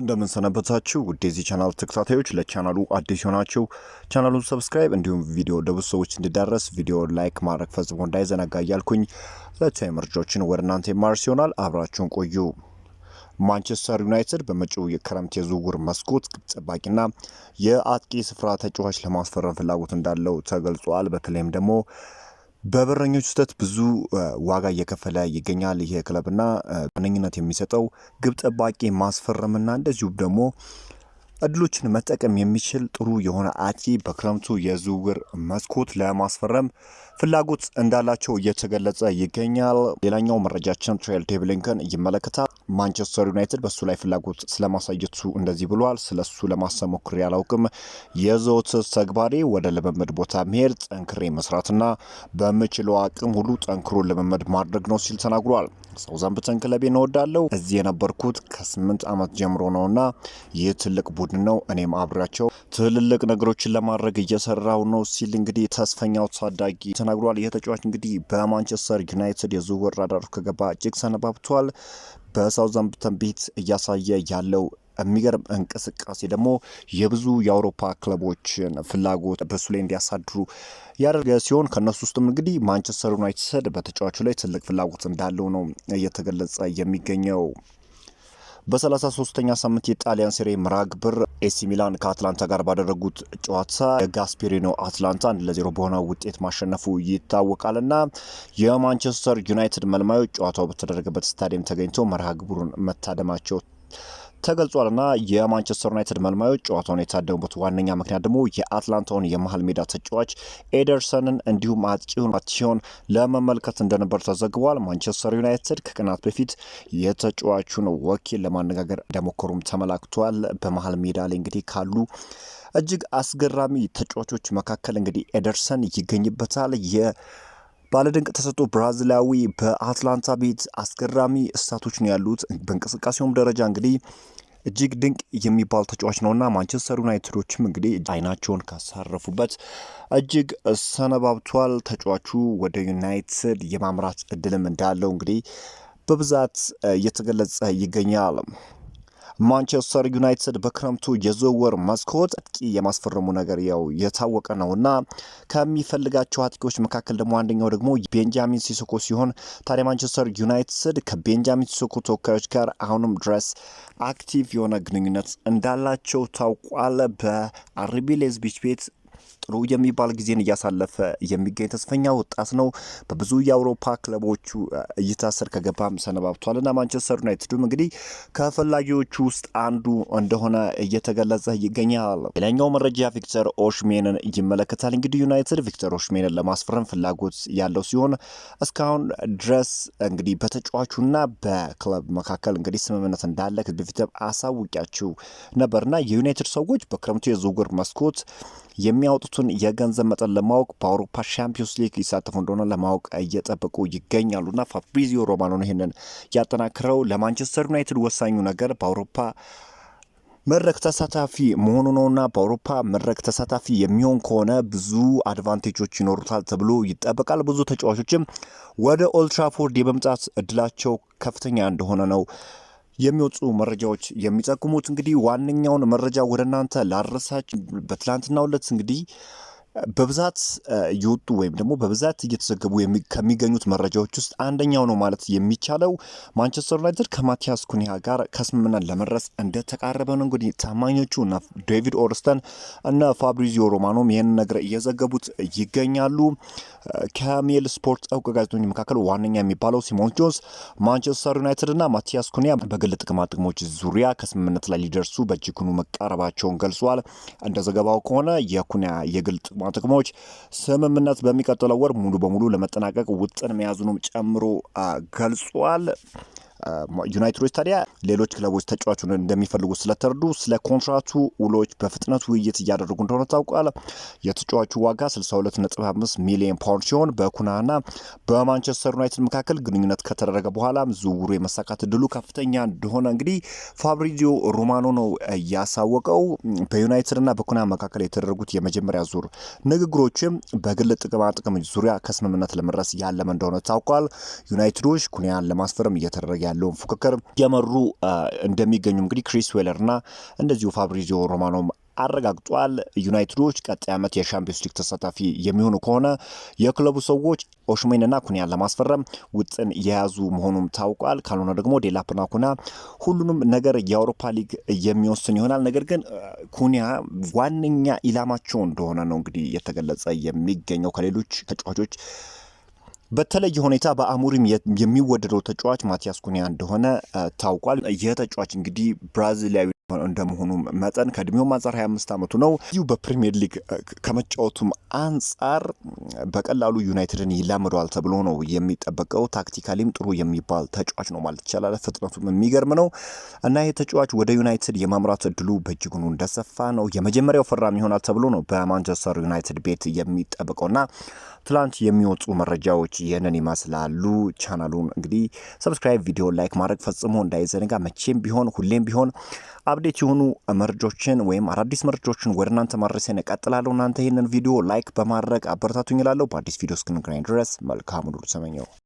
እንደምንሰነበታችሁ ውድ የዚህ ቻናል ተከታታዮች፣ ለቻናሉ አዲስ የሆናችሁ ቻናሉን ሰብስክራይብ እንዲሁም ቪዲዮ ለብዙ ሰዎች እንዲዳረስ ቪዲዮ ላይክ ማድረግ ፈጽሞ እንዳይዘነጋ እያልኩኝ ዕለታዊ መረጃዎችን ወደ እናንተ የማርስ ይሆናል። አብራችሁን ቆዩ። ማንቸስተር ዩናይትድ በመጪው የክረምት የዝውውር መስኮት ግብ ጠባቂና የአጥቂ ስፍራ ተጫዋች ለማስፈረም ፍላጎት እንዳለው ተገልጿል። በተለይም ደግሞ በበረኞች ስህተት ብዙ ዋጋ እየከፈለ ይገኛል ይሄ ክለብና ዋነኝነት የሚሰጠው ግብ ጠባቂ ማስፈረምና እንደዚሁም ደግሞ እድሎችን መጠቀም የሚችል ጥሩ የሆነ አጥቂ በክረምቱ የዝውውር መስኮት ለማስፈረም ፍላጎት እንዳላቸው እየተገለጸ ይገኛል። ሌላኛው መረጃችን ትሬል ቴብሊንግን ይመለከታል። ማንቸስተር ዩናይትድ በሱ ላይ ፍላጎት ስለማሳየቱ እንደዚህ ብሏል። ስለ እሱ ለማሰብ ሞክሬ አላውቅም። የዘወትር ተግባሬ ወደ ልምምድ ቦታ መሄድ፣ ጠንክሬ መስራትና በምችለው አቅም ሁሉ ጠንክሮ ልምምድ ማድረግ ነው ሲል ተናግሯል። ሳውዛምፕተን ክለቤን እወዳለሁ። እዚህ የነበርኩት ከስምንት ዓመት ጀምሮ ነውና ይህ ትልቅ ቡድን ነው። እኔም አብሬያቸው ትልልቅ ነገሮችን ለማድረግ እየሰራው ነው ሲል እንግዲህ ተስፈኛው ታዳጊ ተናግሯል። ይህ ተጫዋች እንግዲህ በማንቸስተር ዩናይትድ የዝውውር ራዳር ከገባ እጅግ ሰነባብቷል። በሳውዛምፕተን ቤት እያሳየ ያለው የሚገርም እንቅስቃሴ ደግሞ የብዙ የአውሮፓ ክለቦችን ፍላጎት በሱ ላይ እንዲያሳድሩ ያደረገ ሲሆን ከእነሱ ውስጥም እንግዲህ ማንቸስተር ዩናይትድ በተጫዋቹ ላይ ትልቅ ፍላጎት እንዳለው ነው እየተገለጸ የሚገኘው። በ33ኛ ሳምንት የጣሊያን ሴሬ መርሃ ግብር ኤሲ ሚላን ከአትላንታ ጋር ባደረጉት ጨዋታ የጋስፔሪኖ አትላንታ አንድ ለዜሮ በሆነ ውጤት ማሸነፉ ና የማንቸስተር ዩናይትድ መልማዮች ጨዋታው በተደረገበት ስታዲየም ተገኝቶ መርሃ ግብሩን መታደማቸው ተገልጿልና የማንቸስተር ዩናይትድ መልማዮች ጨዋታውን የታደሙበት ዋነኛ ምክንያት ደግሞ የአትላንታውን የመሀል ሜዳ ተጫዋች ኤደርሰንን እንዲሁም አጥቂውን ማቲሆን ለመመልከት እንደነበር ተዘግቧል። ማንቸስተር ዩናይትድ ከቀናት በፊት የተጫዋቹን ወኪል ለማነጋገር እንደሞከሩም ተመላክቷል። በመሀል ሜዳ ላይ እንግዲህ ካሉ እጅግ አስገራሚ ተጫዋቾች መካከል እንግዲህ ኤደርሰን ይገኝበታል። ባለድንቅ ተሰጥኦ ብራዚላዊ በአትላንታ ቤት አስገራሚ እሳቶች ነው ያሉት። በእንቅስቃሴውም ደረጃ እንግዲህ እጅግ ድንቅ የሚባል ተጫዋች ነውና ማንቸስተር ዩናይትዶችም እንግዲህ አይናቸውን ካሳረፉበት እጅግ ሰነባብቷል። ተጫዋቹ ወደ ዩናይትድ የማምራት እድልም እንዳለው እንግዲህ በብዛት እየተገለጸ ይገኛል። ማንቸስተር ዩናይትድ በክረምቱ የዝውውር መስኮት አጥቂ የማስፈረሙ ነገር ያው የታወቀ ነውና ከሚፈልጋቸው አጥቂዎች መካከል ደግሞ አንደኛው ደግሞ ቤንጃሚን ሲሶኮ ሲሆን ታዲያ ማንቸስተር ዩናይትድ ከቤንጃሚን ሲሶኮ ተወካዮች ጋር አሁንም ድረስ አክቲቭ የሆነ ግንኙነት እንዳላቸው ታውቋል። በአርቢ ሌዝቢች ቤት ጥሩ የሚባል ጊዜን እያሳለፈ የሚገኝ ተስፈኛ ወጣት ነው። በብዙ የአውሮፓ ክለቦቹ እይታ ስር ከገባም ሰነባብቷል እና ማንቸስተር ዩናይትድም እንግዲህ ከፈላጊዎቹ ውስጥ አንዱ እንደሆነ እየተገለጸ ይገኛል። ሌላኛው መረጃ ቪክተር ኦሽሜንን ይመለከታል። እንግዲህ ዩናይትድ ቪክተር ኦሽሜንን ለማስፈረም ፍላጎት ያለው ሲሆን እስካሁን ድረስ እንግዲህ በተጫዋቹና በክለብ መካከል እንግዲህ ስምምነት እንዳለ ከዚህ በፊትም አሳውቂያችሁ ነበርና የዩናይትድ ሰዎች በክረምቱ የዝውውር መስኮት የሚያወጡ የወቅቱን የገንዘብ መጠን ለማወቅ በአውሮፓ ሻምፒዮንስ ሊግ ሊሳተፉ እንደሆነ ለማወቅ እየጠበቁ ና ፋብሪዚዮ ሮማኖ ነው ይህንን ያጠናክረው። ለማንቸስተር ዩናይትድ ወሳኙ ነገር በአውሮፓ መድረክ ተሳታፊ መሆኑ ነውና በአውሮፓ መድረክ ተሳታፊ የሚሆን ከሆነ ብዙ አድቫንቴጆች ይኖሩታል ተብሎ ይጠበቃል። ብዙ ተጫዋቾችም ወደ ኦልትራፎርድ የመምጣት እድላቸው ከፍተኛ እንደሆነ ነው የሚወጡ መረጃዎች የሚጠቁሙት። እንግዲህ ዋነኛውን መረጃ ወደ እናንተ ላረሳች በትላንትናው ዕለት እንግዲህ በብዛት እየወጡ ወይም ደግሞ በብዛት እየተዘገቡ ከሚገኙት መረጃዎች ውስጥ አንደኛው ነው ማለት የሚቻለው ማንቸስተር ዩናይትድ ከማቲያስ ኩኒያ ጋር ከስምምነት ለመድረስ እንደተቃረበ ነው። እንግዲህ ታማኞቹ ዴቪድ ኦርስተን እና ፋብሪዚዮ ሮማኖም ይህን ነገር እየዘገቡት ይገኛሉ። ከሜል ስፖርት እውቅ ጋዜጠኞች መካከል ዋነኛ የሚባለው ሲሞን ጆንስ ማንቸስተር ዩናይትድ እና ማቲያስ ኩኒያ በግል ጥቅማ ጥቅሞች ዙሪያ ከስምምነት ላይ ሊደርሱ በእጅጉኑ መቃረባቸውን ገልጿል። እንደ ዘገባው ከሆነ የኩኒያ የግል ጥቅማ ዋና ጥቅሞች ስምምነት በሚቀጥለው ወር ሙሉ በሙሉ ለመጠናቀቅ ውጥን መያዙንም ጨምሮ ገልጿል። ዩናይትዶች ታዲያ ሌሎች ክለቦች ተጫዋቹን እንደሚፈልጉ ስለተረዱ ስለ ኮንትራቱ ውሎች በፍጥነት ውይይት እያደረጉ እንደሆነ ታውቋል። የተጫዋቹ ዋጋ 625 ሚሊዮን ፓውንድ ሲሆን በኩናና በማንቸስተር ዩናይትድ መካከል ግንኙነት ከተደረገ በኋላም ዝውውሩ የመሳካት እድሉ ከፍተኛ እንደሆነ እንግዲህ ፋብሪዚዮ ሮማኖ ነው ያሳወቀው። በዩናይትድና በኩና መካከል የተደረጉት የመጀመሪያ ዙር ንግግሮችም በግል ጥቅም ዙሪያ ከስምምነት ለመድረስ ያለመ እንደሆነ ታውቋል። ዩናይትዶች ኩኒያን ለማስፈረም እየተደረገ ያለውን ፉክክር የመሩ እንደሚገኙ እንግዲህ ክሪስ ዌለርና እንደዚሁ ፋብሪዚዮ ሮማኖም አረጋግጧል። ዩናይትዶች ቀጣይ ዓመት የሻምፒዮንስ ሊግ ተሳታፊ የሚሆኑ ከሆነ የክለቡ ሰዎች ኦሽሜንና ኩኒያን ለማስፈረም ውጥን የያዙ መሆኑም ታውቋል። ካልሆነ ደግሞ ዴላፕና ኩና ሁሉንም ነገር የአውሮፓ ሊግ የሚወስን ይሆናል። ነገር ግን ኩኒያ ዋነኛ ኢላማቸው እንደሆነ ነው እንግዲህ የተገለጸ የሚገኘው ከሌሎች ተጫዋቾች በተለየ ሁኔታ በአሙሪም የሚወደደው ተጫዋች ማቲያስ ኩኒያ እንደሆነ ታውቋል። ይህ ተጫዋች እንግዲህ ብራዚላዊ እንደመሆኑ መጠን ከእድሜውም አንጻር 25 ዓመቱ ነው። ዩ በፕሪሚየር ሊግ ከመጫወቱም አንጻር በቀላሉ ዩናይትድን ይላምደዋል ተብሎ ነው የሚጠበቀው። ታክቲካሊም ጥሩ የሚባል ተጫዋች ነው ማለት ይቻላል። ፍጥነቱም የሚገርም ነው እና ይህ ተጫዋች ወደ ዩናይትድ የማምራት እድሉ በእጅጉኑ እንደሰፋ ነው። የመጀመሪያው ፈራሚ ይሆናል ተብሎ ነው በማንቸስተር ዩናይትድ ቤት የሚጠበቀውና ትላንት የሚወጡ መረጃዎች ይህንን ይመስላሉ። ቻናሉን እንግዲህ ሰብስክራይብ፣ ቪዲዮ ላይክ ማድረግ ፈጽሞ እንዳይዘነጋ። መቼም ቢሆን ሁሌም ቢሆን አፕዴት የሆኑ መረጃዎችን ወይም አዳዲስ መረጃዎችን ወደ እናንተ ማድረሴን እቀጥላለሁ። እናንተ ይህንን ቪዲዮ ላይክ በማድረግ አበረታቱኝ እላለሁ። በአዲስ ቪዲዮ እስክንገናኝ ድረስ መልካም ሁሉ ሰመኘው።